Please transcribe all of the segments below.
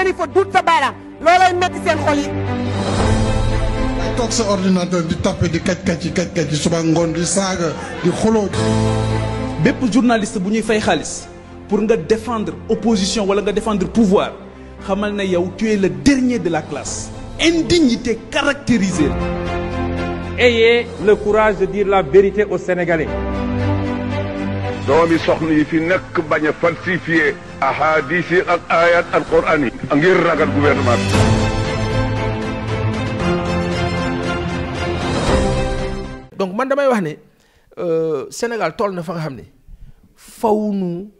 nga ni fa duut sa metti seen xol yi. ay toog sa ordinateur di tapé di kaj kaj yi kaj kaj yi suba ngoon di saaga di xoloo. bépp journaliste bu ñuy fay xaalis pour nga défendre opposition wala nga défendre pouvoir xamal na yow tu es le dernier de la classe. indignité caractérisée. ayez le courage de dire la vérité aux Sénégalais. doomi soxna yi fi nekk bañ a falsifié ahadis ak ayat alquran yi ngir ragal gouvernement bi. donc man damay wax ne euh, Sénégal toll na fa nga xam ne faw nu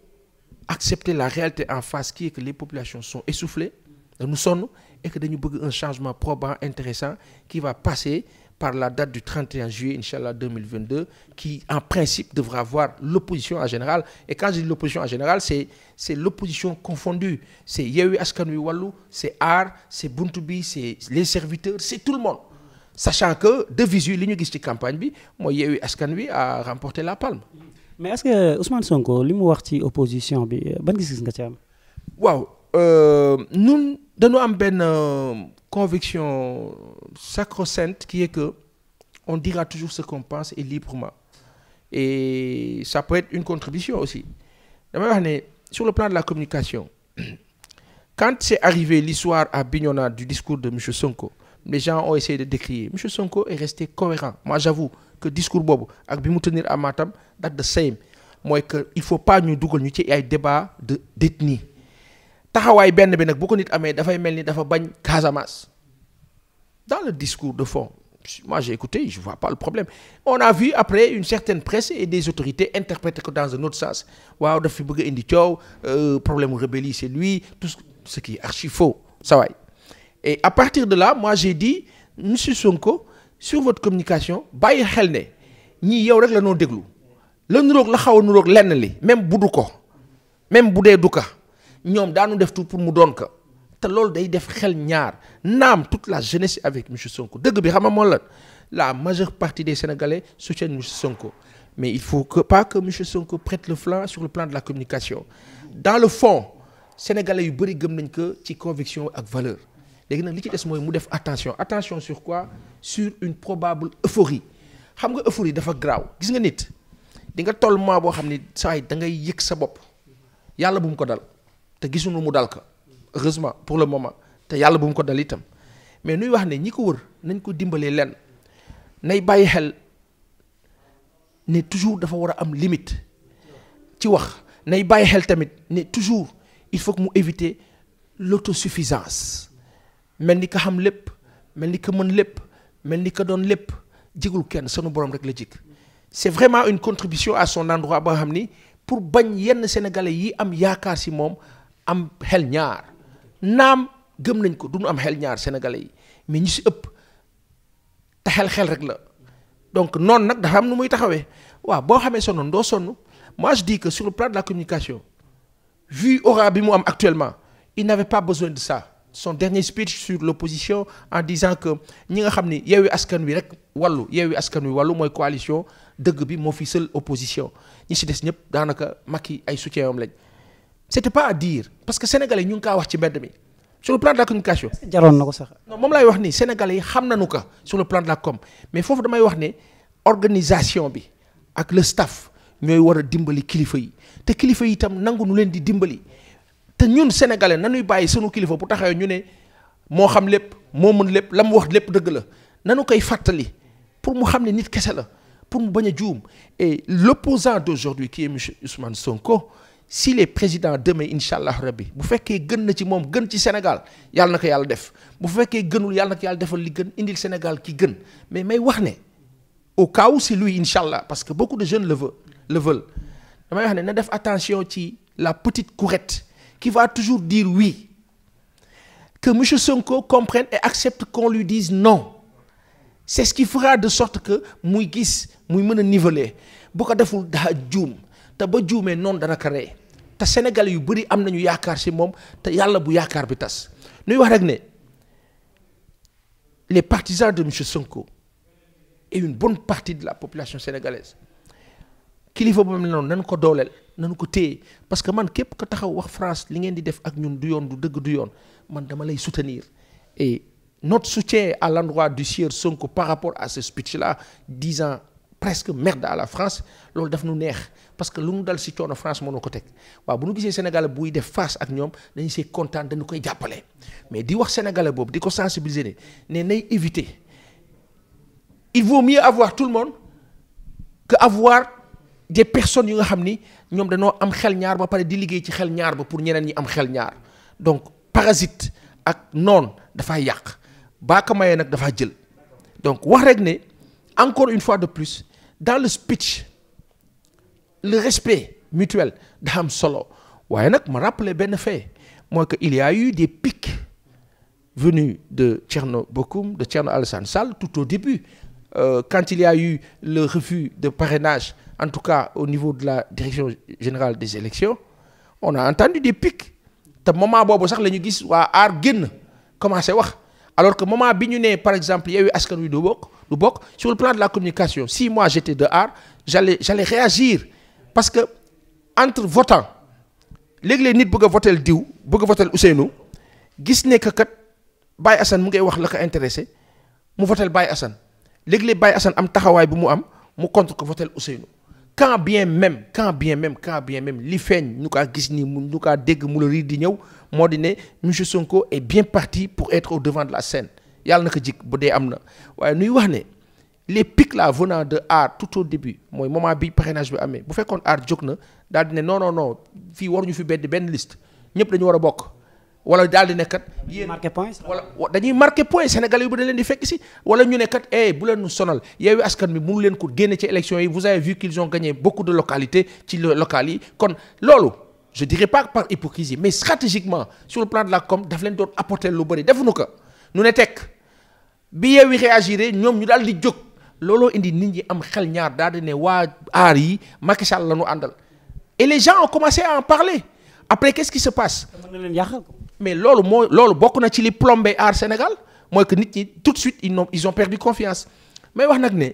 accepter la réalité en face qui est que les populations sont essoufflées dañu sonn et que dañu bëgg un changement probant intéressant qui va passer. par la date du 31 juillet, Inch'Allah 2022, qui en principe devra voir l'opposition en général. Et quand je dis l'opposition en général, c'est l'opposition confondue. C'est Yehui Askanui Wallou, c'est AR, c'est Buntubi, c'est les serviteurs, c'est tout le monde. Sachant que, de visu, l'ignogiste campagne, moi, Yehui Askanui a remporté la palme. Mais est-ce que Ousmane Sonko, lui, opposition, ban gis-gis nga ci am waaw nun euh, dañu am benn euh, conviction sacro-sainte qui est que on dira toujours ce qu'on pense et librement et ça peut être une contribution aussi damay wax ne sur le plan de la communication quand c'est arrivé l'histoire à Bignona du discours de monsieur Sonko les gens ont essayé de décrier monsieur Sonko est resté cohérent moi j'avoue que discours boobu ak bi mu tenir à Matam date de same mooy que il faut pas ñu dugal ñu ci ay débat de d'ethnie taxawaay benn bi nag bu ko nit amee dafay mel ni dafa bañ Casamance dans le discours de fond moi j'ai écouté je vois pas le problème on a vu après une certaine presse et des autorités interpréter que dans a not sens waaw daf fi bëgg indi coow euh, problème rébellie c'est lui tout ce qui est archi faux ça waay et à partir de là moi j'ai dit monsieur Sonko sur votre communication bàyyi xel ne ñii yow rek la noo déglu la nuroog la xaw a lenn li même bu du ko même bu dee du ñoom daanu def tout pour mu doon ko te loolu day def xel ñaar naam toute la jeunesse avec monsieur Sonko dëgg bi xam nga moom la la majeure partie des Sénégalais soutiennent monsieur Sonko mais il faut que pas que monsieur Sonko prête le flanc sur le plan de la communication dans le fond Sénégalais yu bëri gëm nañ ko ci conviction ak valeur léegi nag li ci des mooy mu def attention attention sur quoi sur une probable euphorie xam nga euphorie dafa graaw gis nga nit di nga toll maa boo xam ni saa da ngay yëg sa bopp yàlla ko dal. te gisuñu mu dal ko heureusement pour le moment te yàlla bu mu ko dal itam mais nuy wax ne ñi ko wër nañ ko dimbalee lenn nay bàyyi xel ne toujours dafa war a am limite ci wax nay bàyyi xel tamit ne toujours il faut que mu éviter l'autosuffisance mel ni ka xam lépp mel ni ka mën lépp mel ni ka doon lépp jigul kenn sunu borom rek la jig c'est vraiment une contribution à son endroit ba nga xam ni pour bañ yenn sénégalais yi am yaakaar si moom am xel ñaar naam gëm nañ ko du ñu am xel ñaar sénégalais yi mais ñu si ëpp te xel rek la donc noonu nag dafa am nu muy taxawee waaw boo xamee sonnoon doo sonn moi di dis que sur le plan de la communication vu aura bi mu am actuellement il n'avait pas besoin de sa son dernier speech sur l'opposition en disant que ñi nga xam ni Yewwi Askan Wi rek wàllu Yewwi Askan Wi wàllu mooy coalition dëgg bi moo fi seul opposition ñi si des ñëpp daanaka Macky ay soutien am c'était pas à dire parce que yi ñu ngi kaa wax ci mbedd mi sur le plan de la communication. jaroon na ko sax. moom laay wax ni sénégalais yi xam nañu ko sur le plan de la mais foofu damay wax ne organisation bi ak le staff ñooy war a dimbali kilifa yi te kilifa yi itam nangu nu leen di dimbali te ñun sénégalais nanuy bàyyi sunu kilifa bu taxawee ñu ne moo xam lépp moo mën lépp la mu wax lépp dëgg la nanu koy fàttali pour mu xam ne nit kese la pour mu bañ a juum et l'opposant d'aujourd'hui qui est monsieur Ousmane s'il est président demain incha allah rabbi bu fekkee gën na ci moom gën ci Sénégal yàlla na ko yàlla def bu fekkee gënul yàlla na ko yàlla defal li gën indil Sénégal ki gën mais may wax ne au cas où c'est lui incha allah parce que beaucoup de jeunes le veulent le damay wax ne na def attention ci la petite courette qui va toujours dire oui que monsieur Sonko comprenne et accepte qu'on lui dise non c'est ce qui fera de sorte que muy gis muy mën a niveler bu ko deful daa juum te ba juumee noonu dana ko te Sénégalais yu bëri am nañu yaakaar si moom te yàlla bu yaakaar bi tas nuy wax rek ne les partisans de monsieur Sonko et une bonne partie de la population sénégalaise kilifa bu mel noonu nañ ko dooleel nañ ko téye parce que man képp ko taxaw wax France li ngeen di def ak ñun du yoon du dëgg du yoon man dama lay soutenir et notre soutien à l'endroit du sieur Sonko par rapport à ce speech là disant presque merde à la France loolu daf nu neex parce que lu mu dal si coono France moo nu ko teg waaw bu nu gisee sénégalais buy def face ak ñoom dañu see kontaan dañu koy jàppale mais di wax sénégalais boobu di ko sensibiliser ne ne nay éviter il vaut mieux avoir tout le monde que avoir des personnes yi nga xam ni ñoom dañoo am xel ñaar ba pare di liggéey ci xel ñaar ba pour ñeneen ñi am xel ñaar donc parasite ak noon dafay yàq baa ko mayee nag dafaa jël donc wax rek ne encore une fois de plus dans le speech le respect mutuel da am solo waaye nag ma rappeler benn fait mooy que il y a eu des pics venus de Thierno Bocoum de Thierno Alassane Sall tout au début euh, quand il y a eu le refus de parenage en tout cas au niveau de la direction générale des élections on a en entendu des pics te moment boobu sax la ñu gis waa aar génn commencé wax alors que moment bi ñu nee par exemple Yewwi Askan Wi doo bokk lu bokk sur le plan de la communication si moi j'étais dehors j'allais j'allais réagir parce que entre votant léegi nit bëgg votel diw bëgg a votel Ousseynou gis ne que kat Baye Assane mu ngay wax la ko intéressé mu votel Baye Assane léegi-léeg Baye am taxawaay bu mu am mu contre ko votel Ousseynou quand bien même quand bien même quand bien même li feeñ ñu a gis ni mu ñu kaa dégg mu la rii di ñëw moo di ne monsieur Sonko et bien parti pour être au devant de la scène yàlla na ko jig bu dee am na waaye nuy wax ne les pics la venant de art tout au début mooy moment bi parrainage bi amee bu fekkoon art jóg na daal di ne non non non fii waruñu fi bedd benn liste ñëpp dañu war a bokk wala daal di ne kat. yéen marqué point wala dañuy marqué point Sénégalais yu bëri leen di fekk si wala ñu ne kat eh bu leen sonal Yewwi Askan Wi mënu leen ko génne ci élection yi vous avez vu qu'ils ont gagné beaucoup de localité ci locales yi kon loolu. je dirais pas par hypocrisie daf leen doon apporter lu bëri defuñu ko. nu ne tekk bi Yewwi réagiré ñoom ñu daal di jog looloo indi nit ñi am xel ñaar daal di ne waa aar yi Macky Sall la ñu àndal et les gens ont commencé à en parler après qu'est-ce qui se passe. mais loolu moo loolu bokk na ci li plombé aar Sénégal mooy que nit ñi tout de suite ils ont ils perdu confiance mais wax nag ne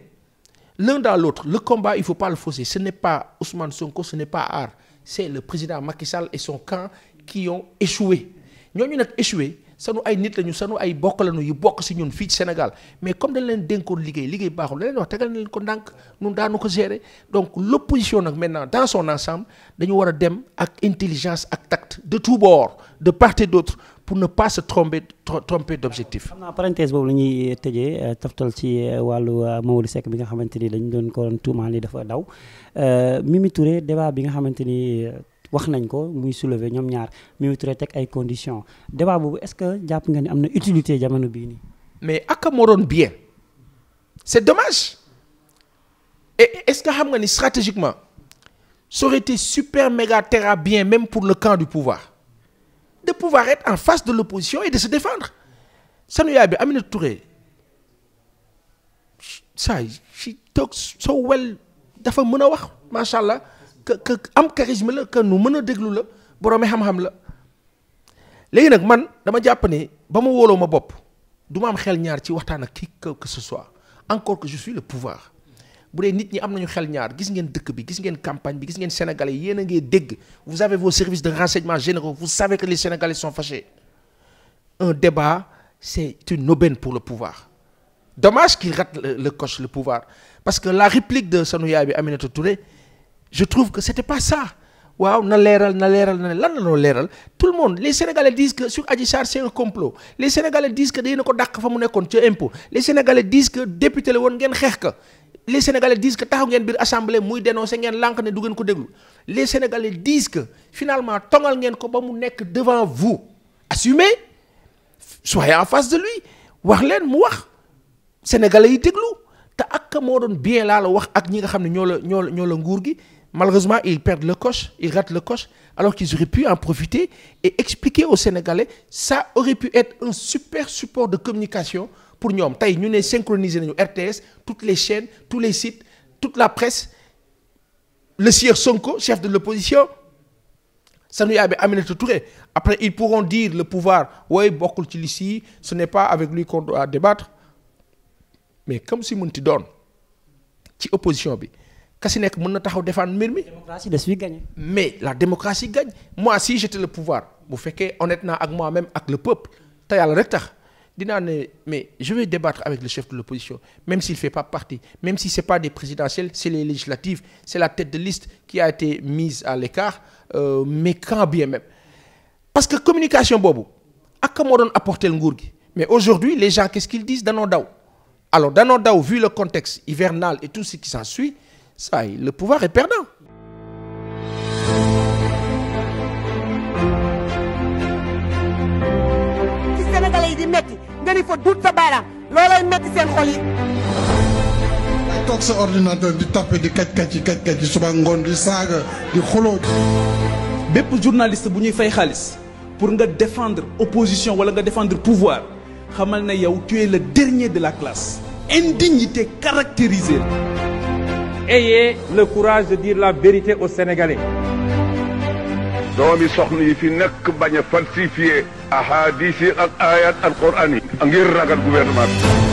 l'un dans l'autre le combat il faut pas le fausser ce n'est pas Ousmane Sonko ce n'est pas aar c'est le président Macky Sall et son camp qui ont échoué ñooñu nag échoué. sanu ay nit lañu sanu ay bokk lañu yu bokk si ñun fii ci Sénégal mais comme dañ leen dénkoon liggéey liggéey baaxul la leen wax tegal na leen ko ndànk ñun daanu ko gérer donc l'opposition nag maintenant dans son ensemble dañu war a dem ak intelligence ak tact de tous bords de part et d'autre pour ne pas se tromper tromper d'objectif. xam naa parenthèse boobu la ñuy euh, tëjee euh, toftal ci euh, wàllu Mamadou Seck bi nga xamante ni dañu doon ko tuumaal ni dafa daw Mimi Touré débat bi nga xamante ni. wax nañ ko muy soulever ñoom ñaar Mimi Touré teg ay conditions débat boobu est-ce que jàpp nga ni am na utilité jamono bii nii. mais ak moo doon bien c'est dommage et est-ce que xam nga ni stratégiquement ça aurait été super méga bien même pour le camp du pouvoir de pouvoir être en face de l'opposition et de se défendre sanu yaay bi Aminata Touré saa yi she talks so dafa mën a wax macha allah. que que am charisme la que nu mën a déglu la boroomi xam-xam la léegi nag man dama jàpp ne ba ma wooloo ma bopp du ma am xel ñaar ci waxtaan ak kii que ce soit encore que je suis le pouvoir bu dee nit ñi am nañu xel ñaar gis ngeen dëkk bi gis ngeen campagne bi gis ngeen sénégalais yéen a dégg vous avez vos services de renseignement généraux vous savez que les sénégalais sont fâchés un débat c'est une aubaine pour le pouvoir dommage qu'il rate le, le le pouvoir parce que la réplique de Sanoyaay bi Aminata Touré je trouve que c'était pas ça waaw na leeral na leeral na lan la noo leeral tout le monde les sénégalais disent que sur Adji Sarr c'est un complot les sénégalais disent que fa mu nekkoon ca impôt les sénégalais disent que député la woon ngeen xeex ka les sénégalais disent que taxaw ngeen biir assemblée muy dénoncé ngeen lànk ne du ngeen ko déglu les sénégalais disent que finalement tongal ngeen ko ba mu nekk devant vous assumez soyez en face de lui wax leen mu wax sénégalais yi déglu. te ak moo doon bien laa la wax ak ñi nga xam ne ñoo la ñoo la ñoo la nguur gi malheureusement ils perdent le coche ils ratent le coche alors qu'ils auraient pu en profiter et expliquer au Sénégalais ça aurait pu être un super support de communication pour ñoom tey ñu ne synchroniser nañu RTS toutes les chaînes tous les sites toute la presse le sieur Sonko chef de l'opposition Sanu Yaabe Aminata Touré après ils pourront dire le pouvoir oui bokkul ci li si ce pas avec lui qu'on doit débattre mais comme si mun ti doon ci opposition bi ka si nekk mën na taxaw defaan mbir mi. démocratie de suy gagne. mais la démocratie gagne moi si j'étais le pouvoir bu fekkee honnête naa ak moi-même ak le peuple te yàlla rek tax dinaa ne mais je vais débattre avec le chef de l'opposition même s'il fait pas partie même si c'est pas des présidentielles c'est les législatives c'est la tête de liste qui a été mise à l'écart euh, mais quand bien même parce que communication boobu ak moo doon apporter nguur gi mais aujourd'hui les gens qu'est-ce danoo daw. alors danoo daw vu le contexte hivernal et tout ce qui s'ensuit ça le pouvoir est perdant ci sénégalais yi di metti nga ni fa duut sa baaraam loolay metti seen xol yi ay toog sa ordinateur di tappe di kaj-kaj yi kaj-kaj yi suba ngoon di saaga di xuloo bépp journaliste bu ñuy fay xaalis pour nga défendre opposition wala nga défendre pouvoir xamal na yow tu es dernier de la classe indignité caractérisée. Ayez le courage de dire la vérité aux Sénégalais. doomi soxna yi fi nekk bañ a falsifier ahadis yi ak ayat alquran yi ngir ragal gouvernement